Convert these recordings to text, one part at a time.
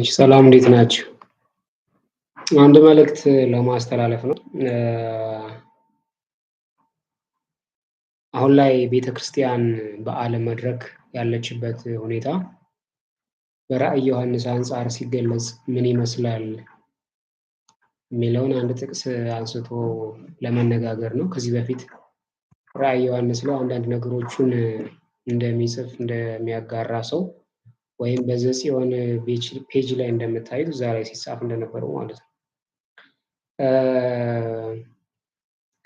እሺ ሰላም እንዴት ናችሁ? አንድ መልእክት ለማስተላለፍ ነው። አሁን ላይ ቤተክርስቲያን ክርስቲያን በዓለም መድረክ ያለችበት ሁኔታ በራዕይ ዮሐንስ አንጻር ሲገለጽ ምን ይመስላል የሚለውን አንድ ጥቅስ አንስቶ ለመነጋገር ነው። ከዚህ በፊት ራዕይ ዮሐንስ ላይ አንዳንድ ነገሮቹን እንደሚጽፍ እንደሚያጋራ ሰው ወይም በዘጽ የሆነ ፔጅ ላይ እንደምታዩት እዛ ላይ ሲጻፍ እንደነበረው ማለት ነው።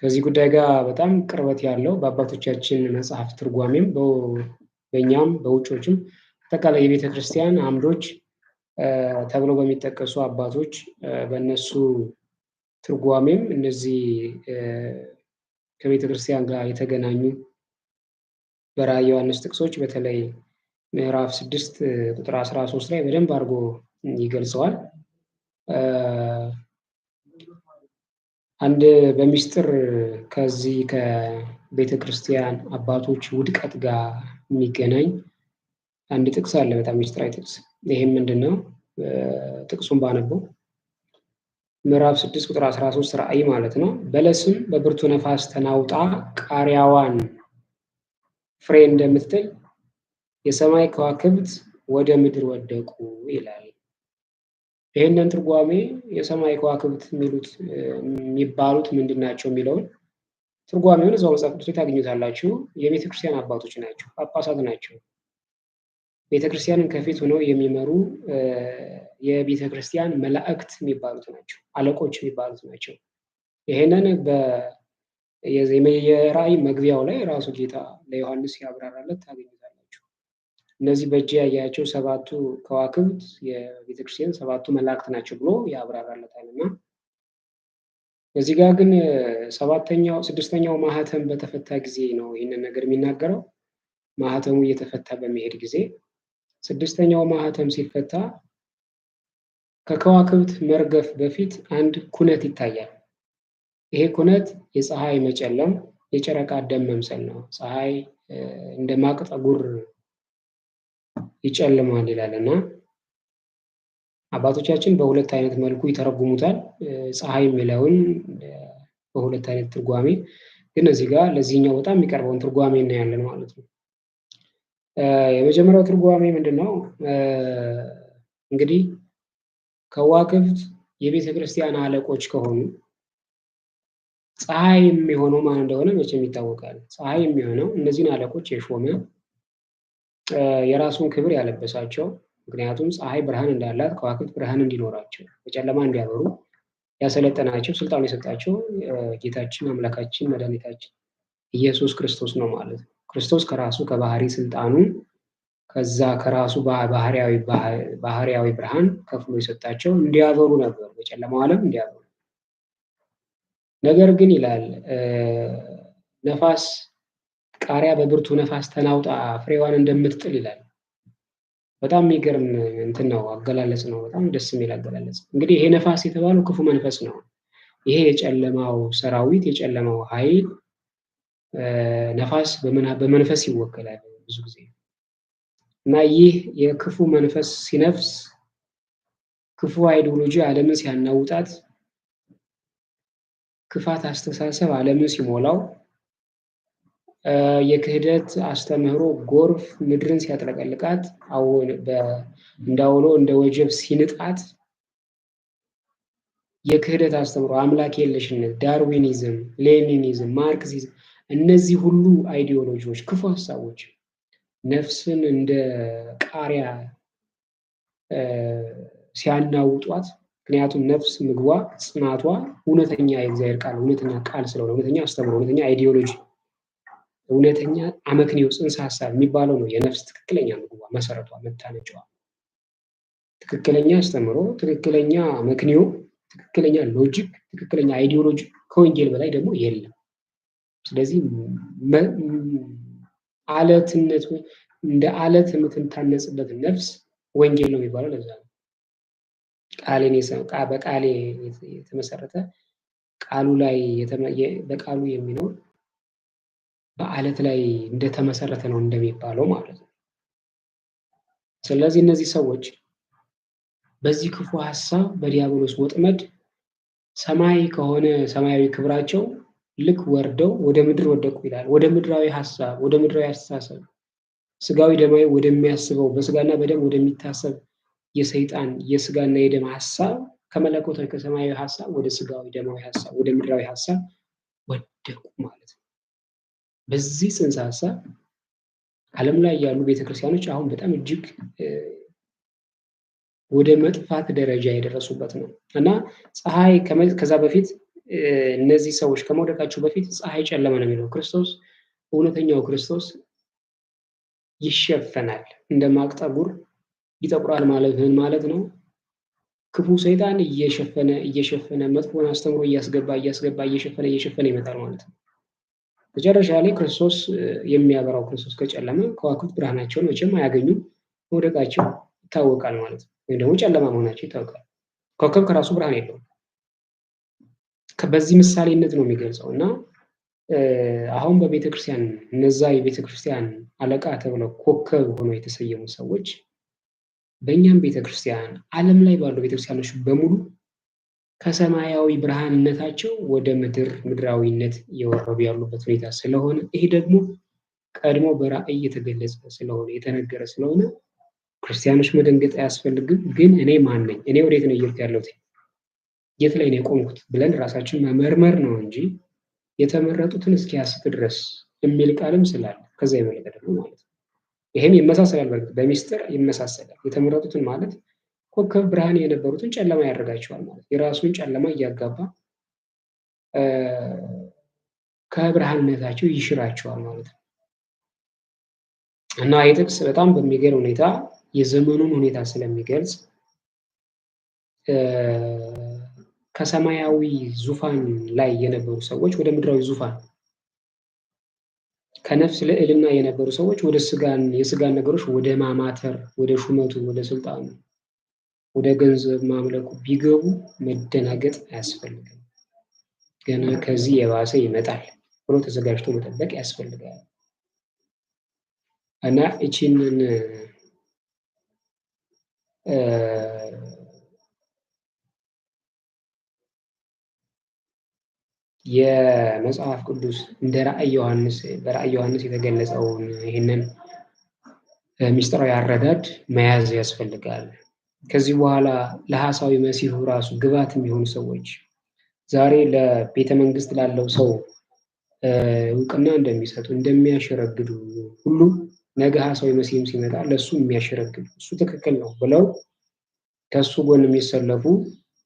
ከዚህ ጉዳይ ጋር በጣም ቅርበት ያለው በአባቶቻችን መጽሐፍ ትርጓሜም በእኛም በውጮችም አጠቃላይ የቤተ ክርስቲያን አምዶች ተብለው በሚጠቀሱ አባቶች በእነሱ ትርጓሜም እነዚህ ከቤተ ክርስቲያን ጋር የተገናኙ በራዕየ ዮሐንስ ጥቅሶች በተለይ ምዕራፍ ስድስት ቁጥር አስራ ሶስት ላይ በደንብ አድርጎ ይገልጸዋል። አንድ በሚስጥር ከዚህ ከቤተ ክርስቲያን አባቶች ውድቀት ጋር የሚገናኝ አንድ ጥቅስ አለ፣ በጣም ሚስጥራዊ ጥቅስ። ይህም ምንድን ነው? ጥቅሱን ባነበው ምዕራፍ ስድስት ቁጥር አስራ ሶስት ራእይ ማለት ነው። በለስም በብርቱ ነፋስ ተናውጣ ቃሪያዋን ፍሬ እንደምትጥል የሰማይ ከዋክብት ወደ ምድር ወደቁ ይላል። ይህንን ትርጓሜ የሰማይ ከዋክብት የሚሉት የሚባሉት ምንድን ናቸው የሚለውን ትርጓሜውን እዛው መጽሐፍ ቅዱስ ታገኙታላችሁ። የቤተ ክርስቲያን አባቶች ናቸው፣ ጳጳሳት ናቸው። ቤተ ክርስቲያንን ከፊት ሆነው የሚመሩ የቤተ ክርስቲያን መላእክት የሚባሉት ናቸው፣ አለቆች የሚባሉት ናቸው። ይህንን የራእይ መግቢያው ላይ ራሱ ጌታ ለዮሐንስ ያብራራለት ታገኙታል። እነዚህ በእጅ ያያቸው ሰባቱ ከዋክብት የቤተክርስቲያን ሰባቱ መላእክት ናቸው ብሎ ያብራራለታል እና እዚህ ጋር ግን ሰባተኛው ስድስተኛው ማህተም በተፈታ ጊዜ ነው ይህንን ነገር የሚናገረው። ማህተሙ እየተፈታ በሚሄድ ጊዜ ስድስተኛው ማህተም ሲፈታ ከከዋክብት መርገፍ በፊት አንድ ኩነት ይታያል። ይሄ ኩነት የፀሐይ መጨለም፣ የጨረቃ ደም መምሰል ነው። ፀሐይ እንደ ማቅ ጠጉር ይጨልማል ይላል እና አባቶቻችን በሁለት አይነት መልኩ ይተረጉሙታል። ፀሐይ የሚለውን በሁለት አይነት ትርጓሜ ግን እዚህ ጋር ለዚህኛው በጣም የሚቀርበውን ትርጓሜ እናያለን ማለት ነው። የመጀመሪያው ትርጓሜ ምንድን ነው? እንግዲህ ከዋክብት የቤተ ክርስቲያን አለቆች ከሆኑ ፀሐይ የሚሆነው ማን እንደሆነ መቼም ይታወቃል። ፀሐይ የሚሆነው እነዚህን አለቆች የሾመ የራሱን ክብር ያለበሳቸው ምክንያቱም ፀሐይ ብርሃን እንዳላት ከዋክብት ብርሃን እንዲኖራቸው በጨለማ እንዲያበሩ ያሰለጠናቸው ስልጣኑ የሰጣቸው ጌታችን አምላካችን መድኃኒታችን ኢየሱስ ክርስቶስ ነው ማለት ነው። ክርስቶስ ከራሱ ከባህሪ ስልጣኑ ከዛ ከራሱ ባህሪያዊ ብርሃን ከፍሎ የሰጣቸው እንዲያበሩ ነበር፣ በጨለማው ዓለም እንዲያበሩ ነገር ግን ይላል ነፋስ ቃሪያ በብርቱ ነፋስ ተናውጣ ፍሬዋን እንደምትጥል ይላል። በጣም የሚገርም እንትን ነው፣ አገላለጽ ነው። በጣም ደስ የሚል አገላለጽ። እንግዲህ ይሄ ነፋስ የተባለው ክፉ መንፈስ ነው። ይሄ የጨለማው ሰራዊት የጨለማው ኃይል ነፋስ በመንፈስ ይወከላል ብዙ ጊዜ እና ይህ የክፉ መንፈስ ሲነፍስ ክፉ አይዲዮሎጂ ዓለምን ሲያናውጣት፣ ክፋት አስተሳሰብ ዓለምን ሲሞላው የክህደት አስተምህሮ ጎርፍ ምድርን ሲያጥለቀልቃት እንዳውሎ እንደ ወጀብ ሲንጣት የክህደት አስተምሮ አምላክ የለሽነት፣ ዳርዊኒዝም፣ ሌኒኒዝም፣ ማርክሲዝም እነዚህ ሁሉ አይዲዮሎጂዎች፣ ክፉ ሀሳቦች ነፍስን እንደ ቃሪያ ሲያናውጧት፣ ምክንያቱም ነፍስ ምግቧ ጽናቷ እውነተኛ የእግዚአብሔር ቃል እውነተኛ ቃል ስለሆነ እውነተኛ አስተምሮ እውነተኛ አይዲዮሎጂ እውነተኛ አመክንዮ ጽንሰ ሀሳብ የሚባለው ነው የነፍስ ትክክለኛ ምግቧ፣ መሰረቷ፣ መታነጫዋ። ትክክለኛ አስተምሮ፣ ትክክለኛ አመክንዮ፣ ትክክለኛ ሎጂክ፣ ትክክለኛ አይዲዮሎጂ ከወንጌል በላይ ደግሞ የለም። ስለዚህ አለትነት እንደ አለት የምትንታነጽበት ነፍስ ወንጌል ነው የሚባለው። ለዛ ነው ቃሌን በቃሌ የተመሰረተ ቃሉ ላይ በቃሉ የሚኖር በአለት ላይ እንደተመሰረተ ነው እንደሚባለው ማለት ነው። ስለዚህ እነዚህ ሰዎች በዚህ ክፉ ሀሳብ በዲያብሎስ ወጥመድ ሰማይ ከሆነ ሰማያዊ ክብራቸው ልክ ወርደው ወደ ምድር ወደቁ ይላል። ወደ ምድራዊ ሀሳብ፣ ወደ ምድራዊ አስተሳሰብ ስጋዊ ደማዊ ወደሚያስበው በስጋና በደም ወደሚታሰብ የሰይጣን የስጋና የደም ሀሳብ ከመለኮታዊ ከሰማያዊ ሀሳብ ወደ ስጋዊ ደማዊ ሀሳብ ወደ ምድራዊ ሀሳብ ወደቁ ማለት ነው። በዚህ ጽንሰ ሀሳብ ዓለም ላይ ያሉ ቤተክርስቲያኖች አሁን በጣም እጅግ ወደ መጥፋት ደረጃ የደረሱበት ነው እና ፀሐይ ከዛ በፊት እነዚህ ሰዎች ከመውደቃቸው በፊት ፀሐይ ጨለመ ነው የሚለው ክርስቶስ እውነተኛው ክርስቶስ ይሸፈናል እንደ ማቅጠጉር ጠጉር ይጠቁራል ማለትን ማለት ነው? ክፉ ሰይጣን እየሸፈነ እየሸፈነ መጥፎን አስተምሮ እያስገባ እያስገባ እየሸፈነ እየሸፈነ ይመጣል ማለት ነው። መጨረሻ ላይ ክርስቶስ የሚያበራው ክርስቶስ ከጨለማ ከዋክብት ብርሃናቸውን መቼም አያገኙም፣ መውደቃቸው ይታወቃል ማለት ነው። ወይም ደግሞ ጨለማ መሆናቸው ይታወቃል። ኮከብ ከራሱ ብርሃን የለውም። በዚህ ምሳሌነት ነው የሚገልጸው እና አሁን በቤተ ክርስቲያን እነዛ የቤተ ክርስቲያን አለቃ ተብለው ኮከብ ሆነው የተሰየሙ ሰዎች በእኛም ቤተክርስቲያን አለም ዓለም ላይ ባሉ ቤተክርስቲያኖች በሙሉ ከሰማያዊ ብርሃንነታቸው ወደ ምድር ምድራዊነት እየወረዱ ያሉበት ሁኔታ ስለሆነ ይሄ ደግሞ ቀድሞ በራእይ የተገለጸ ስለሆነ የተነገረ ስለሆነ ክርስቲያኖች መደንገጥ አያስፈልግም። ግን እኔ ማን ነኝ? እኔ ወዴት ነው እየሄድኩ ያለሁት? የት ላይ ነው የቆምኩት? ብለን ራሳችን መመርመር ነው እንጂ የተመረጡትን እስኪያስት ድረስ የሚል ቃልም ስላለ ከዛ የበለጠ ደግሞ ማለት ነው ይህም ይመሳሰላል። በሚስጥር ይመሳሰላል። የተመረጡትን ማለት ኮከብ ብርሃን የነበሩትን ጨለማ ያደርጋቸዋል ማለት የራሱን ጨለማ እያጋባ ከብርሃንነታቸው ይሽራቸዋል ማለት ነው። እና ይህ ጥቅስ በጣም በሚገርም ሁኔታ የዘመኑን ሁኔታ ስለሚገልጽ ከሰማያዊ ዙፋን ላይ የነበሩ ሰዎች ወደ ምድራዊ ዙፋን፣ ከነፍስ ልዕልና የነበሩ ሰዎች ወደ ስጋን የስጋን ነገሮች ወደ ማማተር፣ ወደ ሹመቱ፣ ወደ ስልጣኑ ወደ ገንዘብ ማምለኩ ቢገቡ መደናገጥ አያስፈልግም። ገና ከዚህ የባሰ ይመጣል ብሎ ተዘጋጅቶ መጠበቅ ያስፈልጋል እና እቺንን የመጽሐፍ ቅዱስ እንደ ራእይ ዮሐንስ በራእይ ዮሐንስ የተገለጸውን ይህንን ሚስጥራዊ አረዳድ መያዝ ያስፈልጋል። ከዚህ በኋላ ለሐሳዊ መሲሁ ራሱ ግባት የሚሆኑ ሰዎች ዛሬ ለቤተ መንግስት ላለው ሰው እውቅና እንደሚሰጡ እንደሚያሸረግዱ ሁሉም ነገ ሐሳዊ መሲህም ሲመጣ ለእሱ የሚያሸረግዱ እሱ ትክክል ነው ብለው ከእሱ ጎን የሚሰለፉ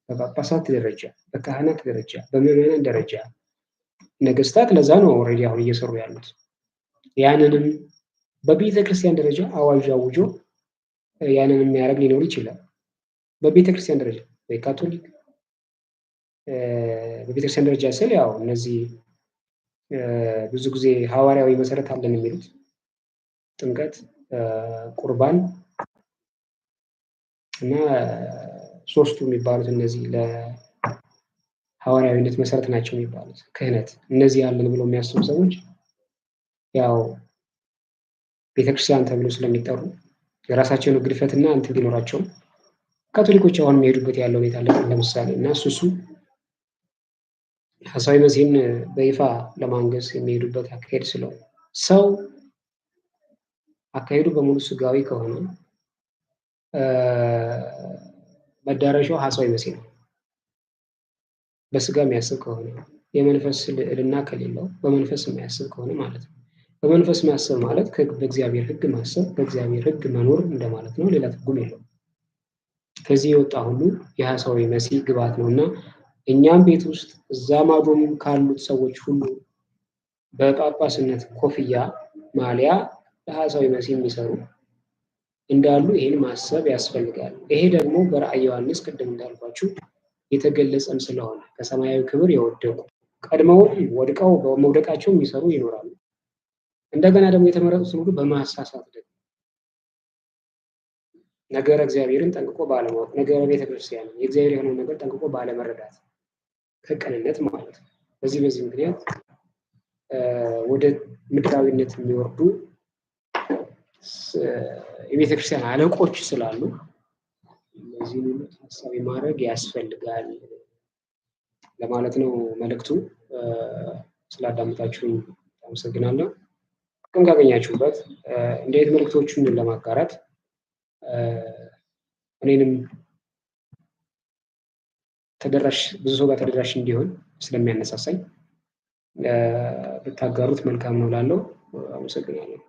በጳጳሳት ደረጃ፣ በካህናት ደረጃ፣ በምዕመናን ደረጃ ነገስታት ለዛ ነው ኦልሬዲ አሁን እየሰሩ ያሉት። ያንንም በቤተ ክርስቲያን ደረጃ አዋጅ አውጆ ያንን የሚያደርግ ሊኖር ይችላል። በቤተክርስቲያን ደረጃ በካቶሊክ በቤተክርስቲያን ደረጃ ስል ያው እነዚህ ብዙ ጊዜ ሐዋርያዊ መሰረት አለን የሚሉት ጥምቀት፣ ቁርባን እና ሶስቱ የሚባሉት እነዚህ ለሐዋርያዊነት መሰረት ናቸው የሚባሉት ክህነት፣ እነዚህ አለን ብለው የሚያስቡ ሰዎች ያው ቤተክርስቲያን ተብሎ ስለሚጠሩ የራሳቸውን ግድፈትና እንትን ቢኖራቸውም ካቶሊኮች አሁን የሚሄዱበት ያለው ሁኔታ አለ። ለምሳሌ እና እሱ እሱ ሐሳዊ መሲህን በይፋ ለማንገስ የሚሄዱበት አካሄድ ስለው ሰው አካሄዱ በሙሉ ስጋዊ ከሆነ መዳረሻው ሐሳዊ መሲህ ነው። በስጋ የሚያስብ ከሆነ የመንፈስ ልዕልና ከሌለው በመንፈስ የሚያስብ ከሆነ ማለት ነው። በመንፈስ የሚያስብ ማለት በእግዚአብሔር ሕግ ማሰብ፣ በእግዚአብሔር ሕግ መኖር እንደማለት ነው። ሌላ ትርጉም የለው። ከዚህ የወጣ ሁሉ የሐሳዊ መሲህ ግባት ነው እና እኛም ቤት ውስጥ እዛ ማዶም ካሉት ሰዎች ሁሉ በጳጳስነት ኮፍያ ማሊያ ለሐሳዊ መሲህ የሚሰሩ እንዳሉ ይህን ማሰብ ያስፈልጋል። ይሄ ደግሞ በራእይ ዮሐንስ ቅድም እንዳልኳችሁ የተገለጸም ስለሆነ ከሰማያዊ ክብር የወደቁ ቀድመው ወድቀው በመውደቃቸው የሚሰሩ ይኖራሉ። እንደገና ደግሞ የተመረጡትን ሁሉ በማሳሳት ደግሞ ነገረ እግዚአብሔርን ጠንቅቆ ባለማወቅ፣ ነገረ ቤተክርስቲያን የእግዚአብሔር የሆነ ነገር ጠንቅቆ ባለመረዳት ከቅንነት ማለት ነው። በዚህ በዚህ ምክንያት ወደ ምድራዊነት የሚወርዱ የቤተክርስቲያን አለቆች ስላሉ እነዚህ ታሳቢ ማድረግ ያስፈልጋል ለማለት ነው መልእክቱ። ስላዳመጣችሁኝ አመሰግናለሁ። ጥቅም ካገኛችሁበት እንዴት መልእክቶቹን ለማጋራት እኔንም ተደራሽ ብዙ ሰው ጋር ተደራሽ እንዲሆን ስለሚያነሳሳኝ ብታጋሩት መልካም ነው ላለው አመሰግናለሁ።